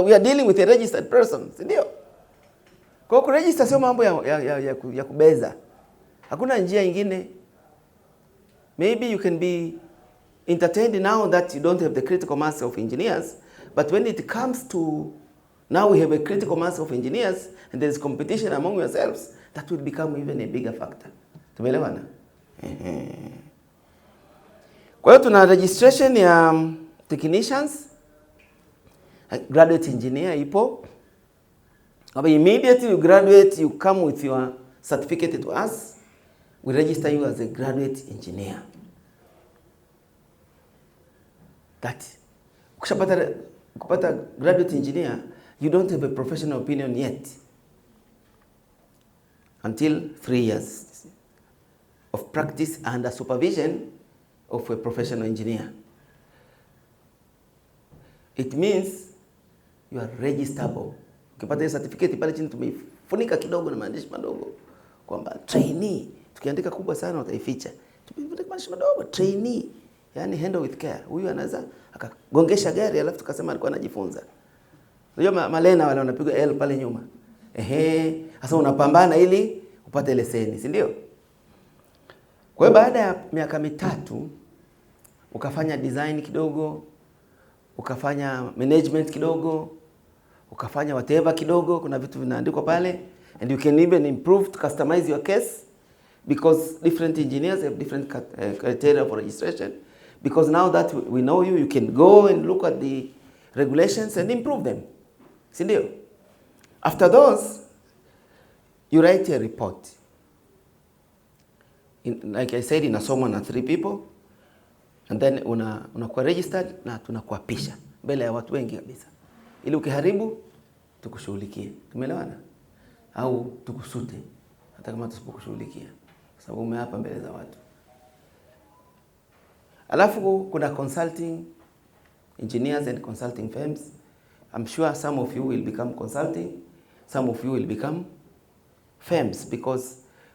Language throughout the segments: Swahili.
we are dealing with a registered person, sindio Kwa kuregister sio mambo ya, ya, ya, ya, ya kubeza. Hakuna njia nyingine. Maybe you can be entertained now that you don't have the critical mass of engineers, but when it comes to now we have a critical mass of engineers and there is competition among yourselves that will become even a bigger factor. Tumeelewana? Kwa hiyo tuna registration ya um, technicians graduate engineer ipo kwamba immediately you graduate you come with your certificate to us we register you as a graduate engineer that ukishapata kupata graduate engineer you don't have a professional opinion yet until three years of practice under supervision of a professional engineer. It means you are registrable. Ukipata hiyo certificate pale chini tumeifunika kidogo na maandishi madogo kwamba trainee, tukiandika kubwa sana utaificha, tumeifunika maandishi madogo trainee, yani handle with care. Huyu anaweza akagongesha gari alafu tukasema alikuwa anajifunza. Unajua malena wale wanapigwa L pale nyuma, ehe. Sasa unapambana ili upate leseni, si ndio? Kwa hiyo baada ya miaka mitatu ukafanya design kidogo, ukafanya management kidogo ukafanya whatever kidogo, kuna vitu vinaandikwa pale and you can even improve to customize your case because different engineers have different eh, criteria for registration because now that we know you you can go and look at the regulations and improve them, si ndio? After those you write a report in, like I said inasomwa na three people and then unakuwa una registered na tunakuapisha mbele ya watu wengi kabisa, ili ukiharibu tukushughulikie, tumeelewana? Au tukusute hata kama tusipokushughulikia, kwa sababu umeapa mbele za watu. Alafu kuna consulting engineers and consulting firms. I'm sure some of you will become consulting, some of you will become firms because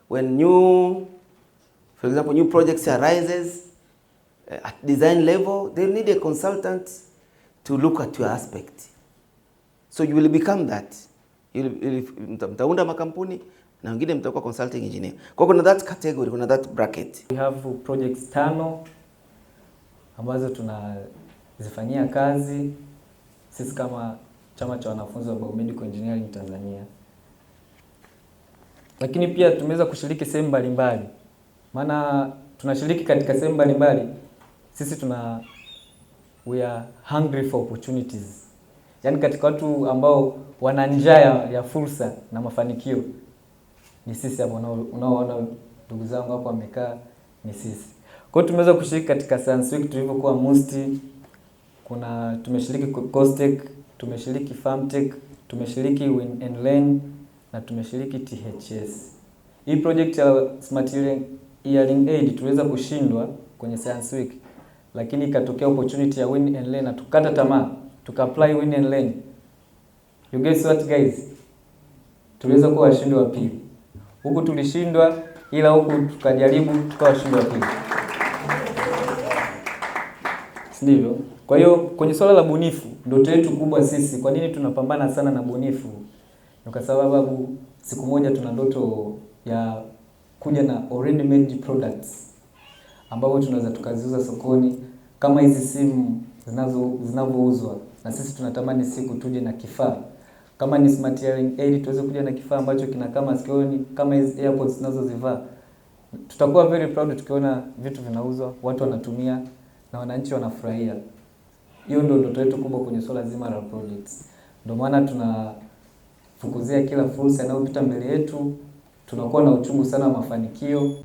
when new for example new projects arises eh, at design level they need a consultant to look at your aspect So you will become that. Mtaunda makampuni na wengine mtakuwa consulting engineer. Kwa kuna that category, kuna that bracket. We have projects tano ambazo tunazifanyia kazi sisi kama chama cha wanafunzi wa medical engineering Tanzania, lakini pia tumeweza kushiriki sehemu mbalimbali, maana tunashiriki katika sehemu mbalimbali. Sisi tuna we are hungry for opportunities yaani katika watu ambao wana njaa ya fursa na mafanikio ni sisi ambao unaoona ndugu zangu hapo wamekaa ni sisi. Kwa hiyo tumeweza kushiriki katika Science Week tulivyokuwa Musti, kuna tumeshiriki Costech, tumeshiriki Farmtech, tumeshiriki Win and Learn na tumeshiriki THS. Hii project ya Smart Hearing Aid tuliweza kushindwa kwenye Science Week, lakini ikatokea opportunity ya Win and Learn na tukata tamaa tukaapply win and learn. You guess what guys? Tuliweza kuwa washindi wa pili. Huku tulishindwa ila huku tukajaribu tukawa washindi wa pili. Ndivyo. Kwa hiyo kwenye swala la bunifu, ndoto yetu kubwa sisi, kwa nini tunapambana sana na bunifu? Ni kwa sababu siku moja tuna ndoto ya kuja na already made products ambapo tunaweza tukaziuza sokoni kama hizi simu zinazo zinavyouzwa na sisi tunatamani siku tuje na kifaa kama ni smart hearing aid tuweze kuja na kifaa ambacho kina kama sikioni kama hizi airpods tunazozivaa. Tutakuwa very proud tukiona vitu vinauzwa, watu wanatumia na wananchi wanafurahia. Hiyo ndio ndoto yetu kubwa kwenye swala zima la projects. Ndio maana tunafukuzia kila fursa inayopita mbele yetu, tunakuwa na uchungu sana mafanikio.